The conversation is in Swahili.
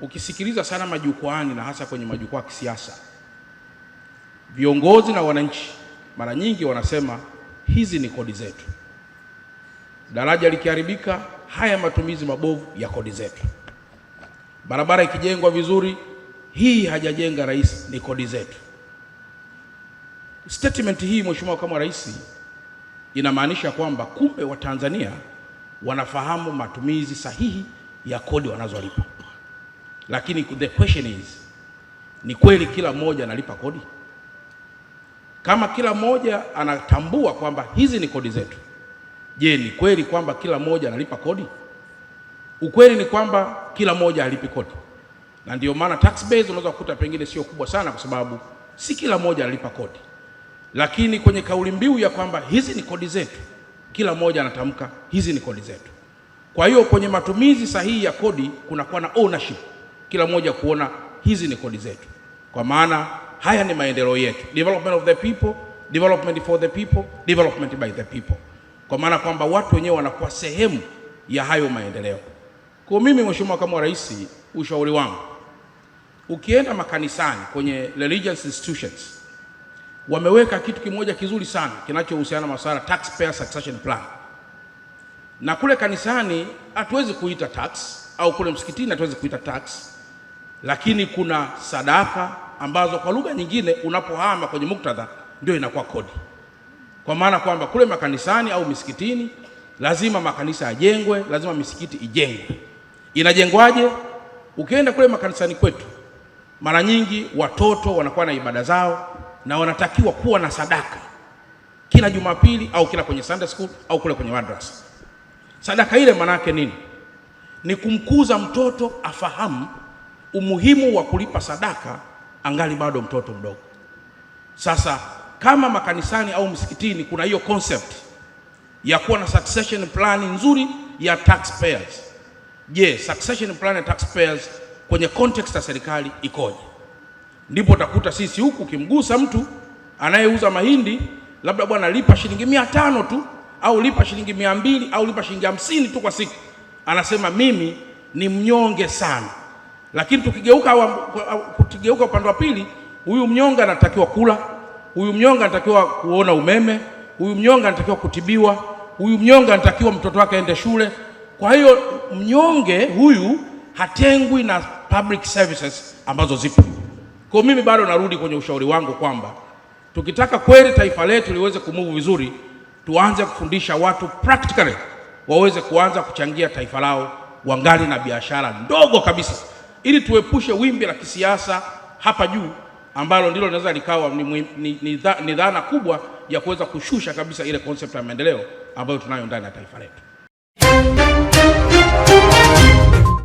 Ukisikiliza sana majukwaani na hasa kwenye majukwaa ya kisiasa, viongozi na wananchi mara nyingi wanasema hizi ni kodi zetu, daraja likiharibika, haya matumizi mabovu ya kodi zetu, barabara ikijengwa vizuri, hii hajajenga rais, ni kodi zetu. Statement hii Mheshimiwa Makamu wa Rais, inamaanisha kwamba kumbe Watanzania wanafahamu matumizi sahihi ya kodi wanazolipa. Lakini the question is, ni kweli kila mmoja analipa kodi? Kama kila mmoja anatambua kwamba hizi ni kodi zetu, je, ni kweli kwamba kila mmoja analipa kodi? Ukweli ni kwamba kila mmoja alipi kodi, na ndio maana tax base unaweza kukuta pengine sio kubwa sana, kwa sababu si kila mmoja analipa kodi. Lakini kwenye kauli mbiu ya kwamba hizi ni kodi zetu, kila mmoja anatamka hizi ni kodi zetu. Kwa hiyo kwenye matumizi sahihi ya kodi kunakuwa na ownership kila mmoja kuona hizi ni kodi zetu, kwa maana haya ni maendeleo yetu, development of the people, development for the people, development by the people, kwa maana kwamba watu wenyewe wanakuwa sehemu ya hayo maendeleo. Kwa mimi, Mheshimiwa Makamu wa Rais, ushauri wangu ukienda makanisani kwenye religious institutions wameweka kitu kimoja kizuri sana kinachohusiana na masuala taxpayer succession plan, na kule kanisani hatuwezi kuita tax au kule msikitini hatuwezi kuita tax lakini kuna sadaka ambazo kwa lugha nyingine unapohama kwenye muktadha ndio inakuwa kodi, kwa maana kwamba kule makanisani au misikitini lazima makanisa yajengwe, lazima misikiti ijengwe. Inajengwaje? Ukienda kule makanisani kwetu, mara nyingi watoto wanakuwa na ibada zao na wanatakiwa kuwa na sadaka kila Jumapili au kila kwenye Sunday school au kule kwenye madrasa. Sadaka ile maana yake nini? Ni kumkuza mtoto afahamu umuhimu wa kulipa sadaka angali bado mtoto mdogo. Sasa kama makanisani au msikitini kuna hiyo concept ya kuwa na succession plan nzuri ya taxpayers, je, yes, succession plan ya taxpayers kwenye context ya serikali ikoje? Ndipo utakuta sisi huku kimgusa mtu anayeuza mahindi labda, bwana lipa shilingi mia tano tu au lipa shilingi mia mbili au lipa shilingi hamsini tu kwa siku, anasema mimi ni mnyonge sana. Lakini tukigeuka tukigeuka upande wa pili, huyu mnyonge anatakiwa kula, huyu mnyonge anatakiwa kuona umeme, huyu mnyonge anatakiwa kutibiwa, huyu mnyonge anatakiwa mtoto wake aende shule. Kwa hiyo mnyonge huyu hatengwi na public services ambazo zipo. Kwa mimi bado narudi kwenye ushauri wangu kwamba tukitaka kweli taifa letu liweze kumuvu vizuri, tuanze kufundisha watu practically waweze kuanza kuchangia taifa lao wangali na biashara ndogo kabisa ili tuepushe wimbi la kisiasa hapa juu ambalo ndilo linaweza likawa ni, ni, ni, ni, ni dhana kubwa ya kuweza kushusha kabisa ile concept ya maendeleo ambayo tunayo ndani ya taifa letu.